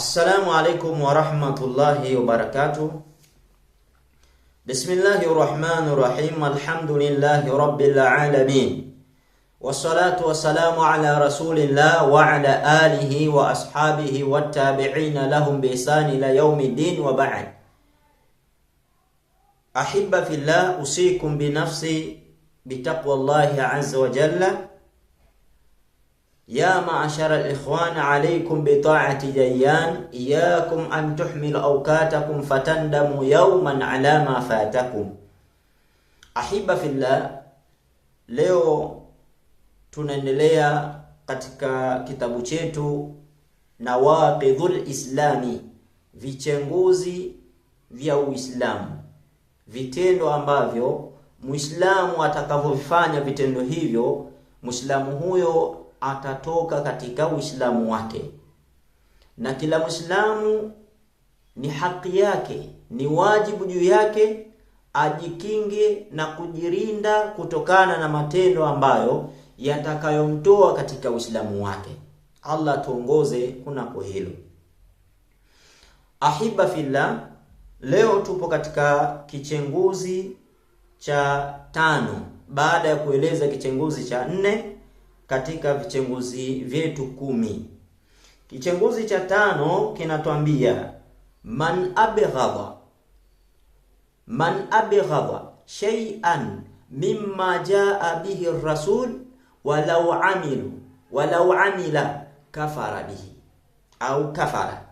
السلام عليكم ورحمة الله وبركاته بسم الله الرحمن الرحيم الحمد لله رب العالمين والصلاة والسلام على رسول الله وعلى آله وأصحابه والتابعين لهم بإحسان إلى يوم الدين وبعد أحب في الله أوصيكم بنفسي بتقوى الله عز وجل ya ma'ashara al-ikhwan alaykum bi ta'ati iyakum an tuhmil awqatakum fatandamu yawman ala ma fatakum ahibba fillah leo tunaendelea katika kitabu chetu nawaqidhul islami vichenguzi vya uislamu vitendo ambavyo muislamu atakavyofanya vitendo hivyo muislamu huyo atatoka katika Uislamu wake, na kila Muislamu ni haki yake, ni wajibu juu yake ajikinge na kujirinda kutokana na matendo ambayo yatakayomtoa katika Uislamu wake. Allah tuongoze kunako hilo. Ahiba fillah, leo tupo katika kichenguzi cha tano baada ya kueleza kichenguzi cha nne katika vichenguzi vyetu kumi. Kichenguzi cha tano kinatwambia man abghadha man abghadha shay'an mimma jaa bihi rasul walau amilu walau amila kafara bihi au kafara.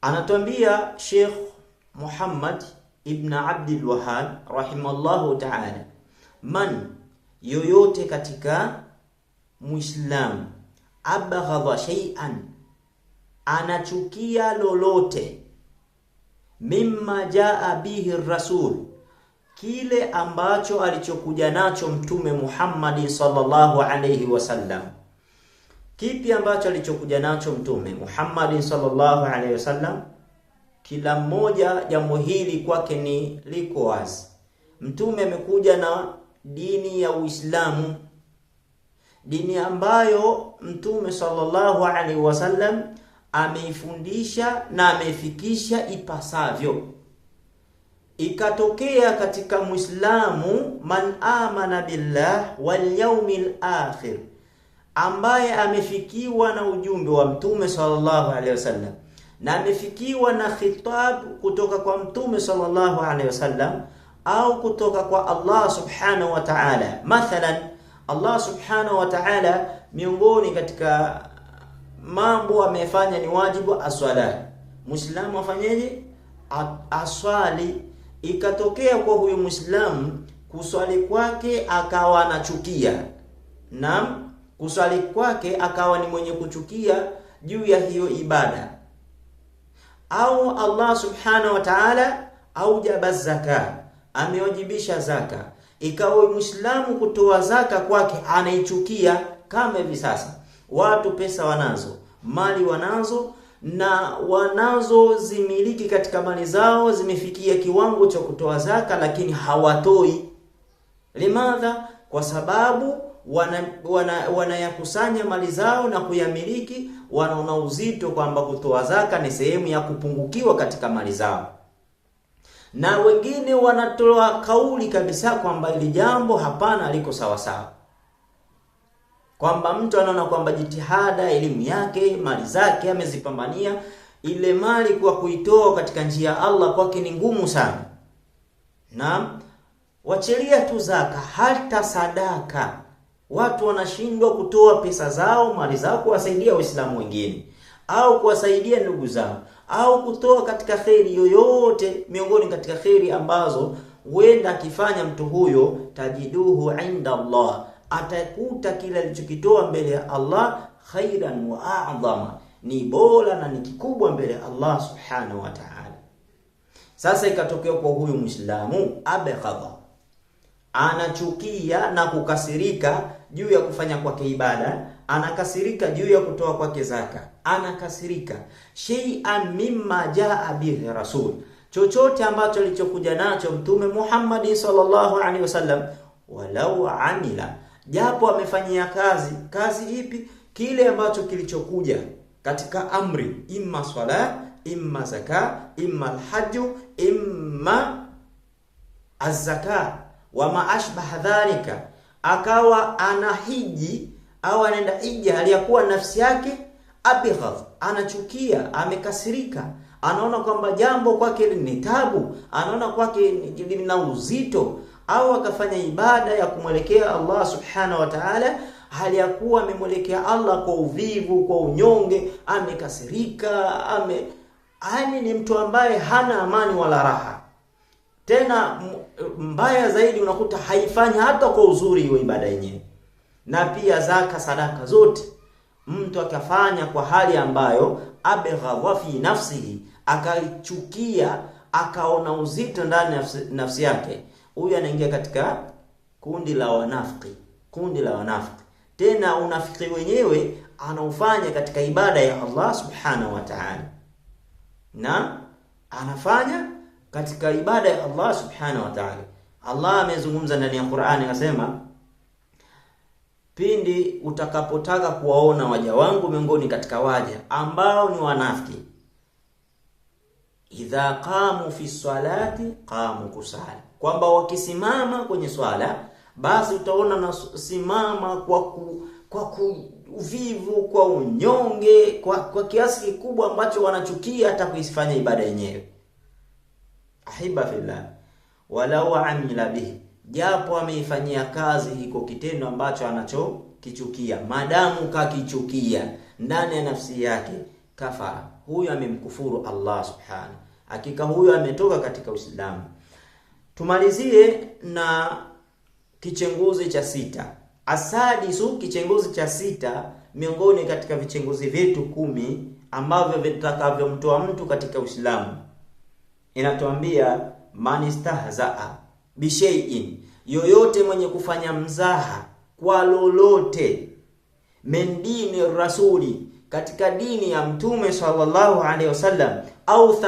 Anatwambia Sheikh Muhammad ibn Abdul Wahhab rahimallahu ta'ala man yoyote katika Muislamu abghadha shay'an, anachukia lolote, mimma jaa bihi rasul, kile ambacho alichokuja nacho Mtume Muhammad sallallahu alayhi wasallam. Kipi ambacho alichokuja nacho Mtume Muhammad sallallahu alayhi wasallam? Kila mmoja jambo hili kwake ni liko wazi. Mtume amekuja na dini ya Uislamu, dini ambayo Mtume sallallahu alaihi wasallam ameifundisha na ameifikisha ipasavyo. Ikatokea katika Muislamu man amana billah wal yaumil akhir, ambaye amefikiwa na ujumbe wa Mtume sallallahu alaihi wasallam na amefikiwa na khitab kutoka kwa Mtume sallallahu alaihi wasallam au kutoka kwa Allah subhanahu wa ta'ala. Mathalan, Allah subhanahu wa ta'ala miongoni katika mambo amefanya ni wajibu aswala, muislamu afanyeje? Aswali. Ikatokea kwa huyu muislamu kuswali kwake akawa anachukia, naam, kuswali kwake akawa ni mwenye kuchukia juu ya hiyo ibada, au Allah subhanahu wa ta'ala aujaba zaka amewajibisha zaka, ikawa Muislamu kutoa zaka kwake anaichukia. Kama hivi sasa watu pesa wanazo, mali wanazo na wanazozimiliki katika mali zao zimefikia kiwango cha kutoa zaka, lakini hawatoi. Limadha? Kwa sababu wanayakusanya wana, wana mali zao na kuyamiliki, wanaona uzito kwamba kutoa zaka ni sehemu ya kupungukiwa katika mali zao na wengine wanatoa kauli kabisa kwamba ili jambo hapana liko sawasawa, kwamba mtu anaona kwamba jitihada, elimu yake, mali zake amezipambania, ile mali kwa kuitoa katika njia ya Allah kwake ni ngumu sana. na wachilia tu zaka, hata sadaka. Watu wanashindwa kutoa pesa zao, mali zao kuwasaidia Waislamu wengine au kuwasaidia ndugu zao au kutoa katika kheri yoyote miongoni katika kheri ambazo huenda akifanya mtu huyo, tajiduhu inda Allah, atakuta kile alichokitoa mbele ya Allah khairan wa a'dhama, ni bora na ni kikubwa mbele ya Allah subhanahu wa ta'ala. Sasa ikatokea kwa huyu Muislamu abeghadha, anachukia na kukasirika juu ya kufanya kwake ibada anakasirika juu ya kutoa kwake zaka, anakasirika shay'an mimma jaa bihi rasul, chochote ambacho alichokuja nacho Mtume Muhammad sallallahu alaihi wasallam, walau amila, japo amefanyia kazi. Kazi ipi? Kile ambacho kilichokuja katika amri, imma swala, imma zaka, imma alhaju, imma azaka wama maashbaha dhalika, akawa anahiji au anaenda hija aliyakuwa nafsi yake abghadh, anachukia, amekasirika, anaona kwamba jambo kwake ni tabu, anaona kwake lina uzito, au akafanya ibada ya kumwelekea Allah subhanahu wa ta'ala hali ya kuwa amemwelekea Allah kwa uvivu, kwa unyonge, amekasirika, ame ani ni mtu ambaye hana amani wala raha. Tena mbaya zaidi, unakuta haifanyi hata kwa uzuri hiyo ibada yenyewe na pia zaka, sadaka zote mtu akafanya kwa hali ambayo abghadha fi nafsihi, akalichukia akaona uzito ndani nafsi yake, huyu anaingia katika kundi la wanafiki, kundi la wanafiki. Tena unafiki wenyewe anaofanya katika ibada ya Allah subhanahu wa ta'ala, na anafanya katika ibada ya Allah subhanahu wa ta'ala. Allah amezungumza ndani ya Qur'ani akasema pindi utakapotaka kuwaona waja wangu miongoni katika waja ambao ni wanafiki, idha qamu fi salati qamu kusala, kwamba wakisimama kwenye swala basi utaona nasimama kwa ku, kwa ku uvivu kwa unyonge kwa, kwa kiasi kikubwa ambacho wanachukia hata kuifanya ibada yenyewe. ahiba fillah walau amila bihi japo ameifanyia kazi hiko kitendo ambacho anachokichukia, madamu kakichukia ndani ya nafsi yake, kafara, huyu amemkufuru Allah subhanahu, hakika huyu ametoka katika Uislamu. Tumalizie na kichenguzi cha sita, su kichenguzi cha sita miongoni katika vichenguzi vyetu kumi ambavyo vitakavyomtoa mtu katika Uislamu, inatuambia manistahzaa bishaiin, yoyote mwenye kufanya mzaha kwa lolote, min dini rasuli, katika dini ya mtume sallallahu alaihi wasallam, au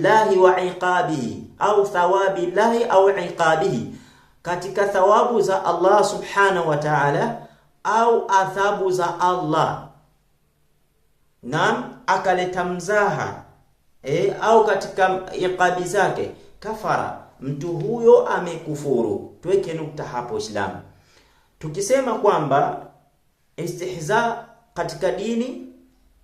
llahi wa iqabihi, au thawabillahi au iqabihi, katika thawabu za Allah subhanahu wa ta'ala au adhabu za Allah. na akaleta mzaha e, au katika iqabi zake kafara mtu huyo amekufuru. Tuweke nukta hapo Islamu. Tukisema kwamba istihza katika dini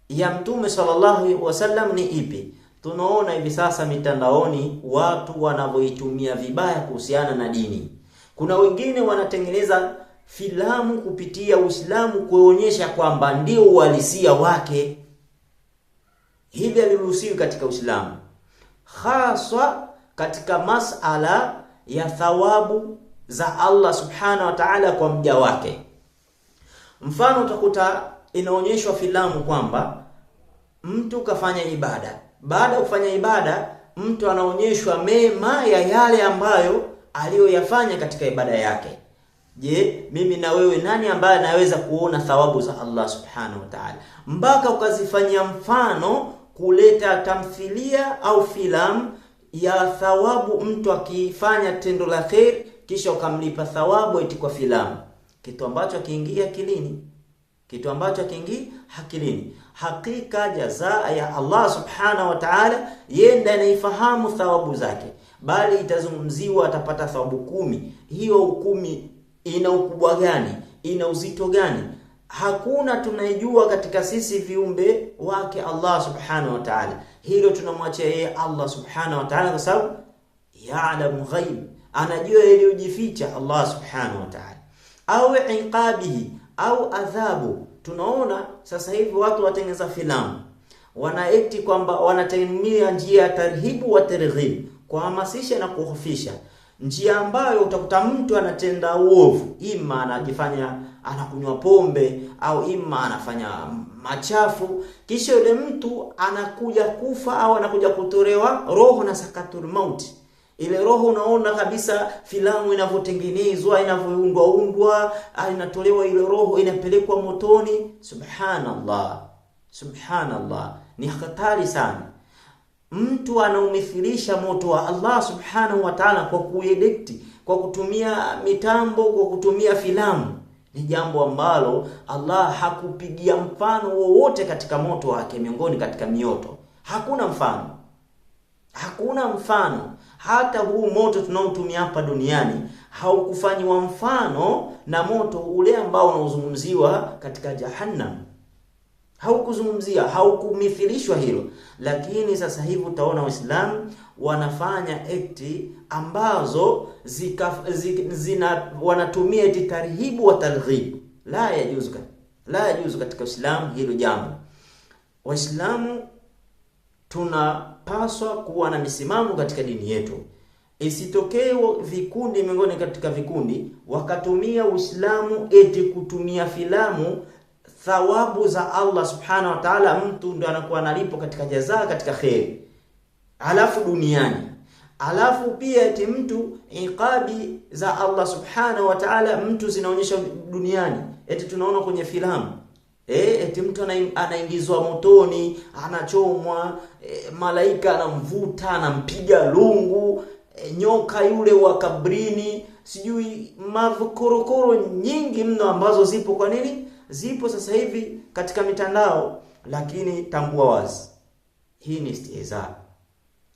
ya Mtume sallallahu alaihi wasallam ni ipi? Tunaona hivi sasa mitandaoni watu wanavyoitumia vibaya kuhusiana na dini. Kuna wengine wanatengeneza filamu kupitia Uislamu kuonyesha kwamba ndio uhalisia wake. Hivi haliruhusiwi katika Uislamu, haswa katika masala ya thawabu za Allah subhanahu wa ta'ala kwa mja wake. Mfano, utakuta inaonyeshwa filamu kwamba mtu kafanya ibada. Baada ya kufanya ibada, mtu anaonyeshwa mema ya yale ambayo aliyoyafanya katika ibada yake. Je, mimi na wewe, nani ambaye anaweza kuona thawabu za Allah subhanahu wa ta'ala mpaka ukazifanyia mfano kuleta tamthilia au filamu ya thawabu mtu akifanya tendo la kheri kisha ukamlipa thawabu eti kwa filamu, kitu ambacho akiingia akilini, kitu ambacho akiingia hakilini Hakika jazaa ya Allah subhanahu wa ta'ala, yeye ndiye anaifahamu thawabu zake, bali itazungumziwa atapata thawabu kumi. Hiyo kumi ina ukubwa gani? Ina uzito gani? hakuna tunaijua katika sisi viumbe wake Allah subhanahu wa ta'ala. Hilo tunamwachia yeye Allah subhanahu wa ta'ala, kwa sababu ya'lamu ghaib, anajua yaliyojificha Allah subhanahu wa ta'ala. Au iqabihi au adhabu. Tunaona sasa hivi watu watengeneza filamu wanaeti kwamba wanatemia njia ya tarhibu wa targhib, kuhamasisha na kuhofisha njia ambayo utakuta mtu anatenda uovu, ima anajifanya anakunywa pombe au ima anafanya machafu, kisha yule mtu anakuja kufa au anakuja kutolewa roho na sakatul mauti ile roho unaona kabisa filamu inavyotengenezwa inavyoundwa undwa, ah, inatolewa ile roho inapelekwa motoni. Subhanallah, subhanallah, ni hatari sana mtu anaumithilisha moto wa Allah subhanahu wa ta'ala kwa kuidikti, kwa kutumia mitambo, kwa kutumia filamu ni jambo ambalo Allah hakupigia mfano wowote katika moto wake miongoni katika mioto. Hakuna mfano, hakuna mfano. Hata huu moto tunaotumia hapa duniani haukufanyiwa mfano na moto ule ambao unaozungumziwa katika Jahannam haukuzungumzia haukumithilishwa hilo, lakini sasa hivi utaona Waislamu wanafanya eti ambazo zika, zika, zina, wanatumia eti tarhibu wa targhibu. La yajuzu, la yajuzu katika Uislamu hilo jambo. Waislamu tunapaswa kuwa na misimamo katika dini yetu, isitokee vikundi miongoni katika vikundi wakatumia Uislamu eti kutumia filamu thawabu za Allah subhanahu wa ta'ala, mtu ndo anakuwa analipo katika jazaa, katika kheri, alafu duniani, alafu pia eti mtu iqabi za Allah subhanahu wa ta'ala, mtu zinaonyesha duniani. Eti tunaona kwenye filamu E, eti mtu anaingizwa motoni, anachomwa e, malaika anamvuta, anampiga lungu e, nyoka yule wa kabrini, sijui mavukurukuru nyingi mno ambazo zipo. Kwa nini? zipo sasa hivi katika mitandao, lakini tambua wazi hii ni istihza.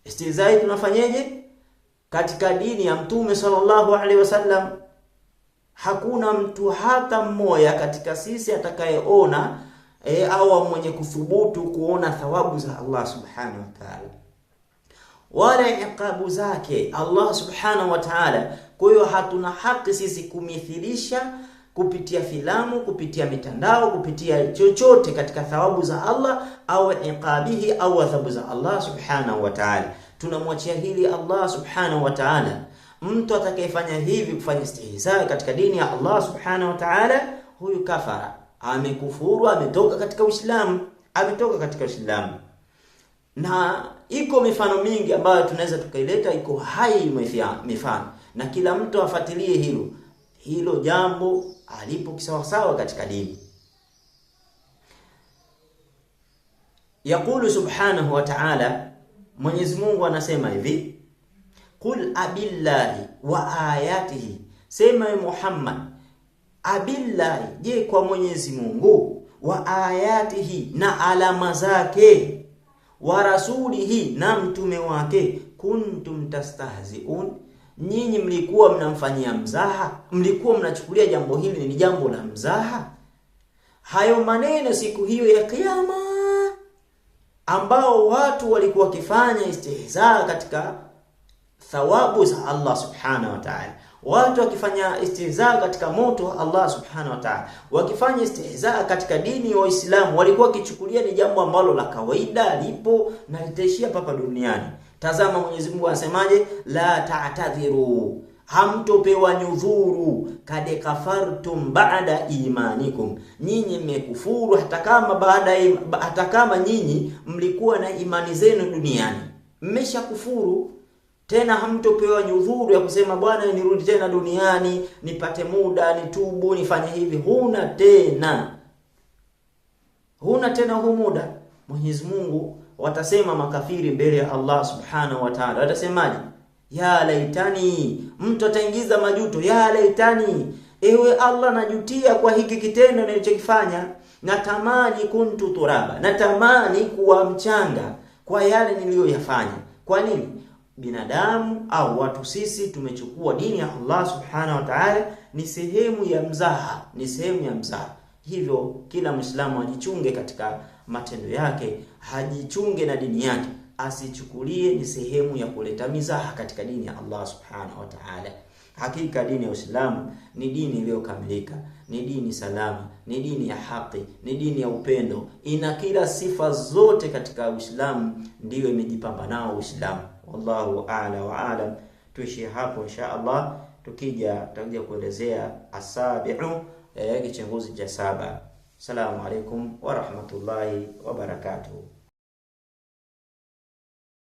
Istihza tunafanyeje? Katika dini ya Mtume sallallahu alaihi wasallam hakuna mtu hata mmoja katika sisi atakayeona e, au mwenye kuthubutu kuona thawabu za Allah subhanahu wa ta'ala wala iqabu zake Allah subhanahu wa ta'ala. Kwa hiyo hatuna haki sisi kumithilisha kupitia filamu, kupitia mitandao, kupitia chochote katika thawabu za Allah au iqabihi au adhabu za Allah subhanahu wa ta'ala. Tunamwachia hili Allah subhanahu wa ta'ala. Mtu atakayefanya hivi kufanya istihza katika dini ya Allah subhanahu wa ta'ala, huyu kafara, amekufuru, ametoka katika Uislamu, ametoka katika Uislamu. Na iko mifano mingi ambayo tunaweza tukaileta, iko hai mifano, na kila mtu afuatilie hilo hilo jambo alipo kisawasawa katika dini. Yaqulu subhanahu wa ta'ala, Mwenyezi Mungu anasema hivi: Qul abillahi wa ayatihi, sema Muhammad, abillahi, je, kwa Mwenyezi Mungu, wa ayatihi, na alama zake, wa rasulihi, na mtume wake, kuntum tastahziun nyinyi mlikuwa mnamfanyia mzaha? Mlikuwa mnachukulia jambo hili ni jambo la mzaha? Hayo maneno siku hiyo ya Kiyama ambao watu walikuwa wakifanya istihzaa katika thawabu za Allah subhanahu wa ta'ala, watu wakifanya istihzaa katika moto wa Allah subhanahu wa ta'ala, wakifanya istihzaa katika dini ya Uislamu, walikuwa wakichukulia ni jambo ambalo la kawaida lipo na litaishia papa duniani. Tazama Mwenyezi Mungu anasemaje, la ta'tadhiru, hamtopewa nyudhuru, kad kafartum ba'da imanikum, nyinyi mmekufuru hata kama baada, hata kama nyinyi mlikuwa na imani zenu duniani, mmeshakufuru tena hamtopewa nyudhuru ya kusema bwana, nirudi tena duniani nipate muda nitubu nifanye hivi. Huna tena, huna tena huu muda. Mwenyezi Mungu watasema makafiri mbele ya Allah subhanahu wa ta'ala, watasemaje? Ya laitani, mtu ataingiza majuto. Ya laitani, ewe Allah, najutia kwa hiki kitendo nilichokifanya. Natamani kuntu turaba, natamani kuwa mchanga kwa yale niliyoyafanya. Kwa nini? Binadamu au watu sisi tumechukua dini ya Allah subhanahu wa ta'ala ni sehemu ya mzaha, ni sehemu ya mzaha. Hivyo kila Muislamu ajichunge katika matendo yake hajichunge na dini yake, asichukulie ni sehemu ya kuleta mizaha katika dini ya Allah subhanahu wa ta'ala. Hakika dini ya Uislamu ni dini iliyokamilika, ni dini salama, ni dini ya haki, ni dini ya upendo, ina kila sifa zote katika Uislamu, ndiyo imejipamba nao Uislamu. Wallahu a'la wa a'lam. Tuishie hapo insha Allah, tukija tutakuja kuelezea asabiu, eh, kichunguzi cha saba. Assalamu alaikum wa rahmatullahi wa barakatuh.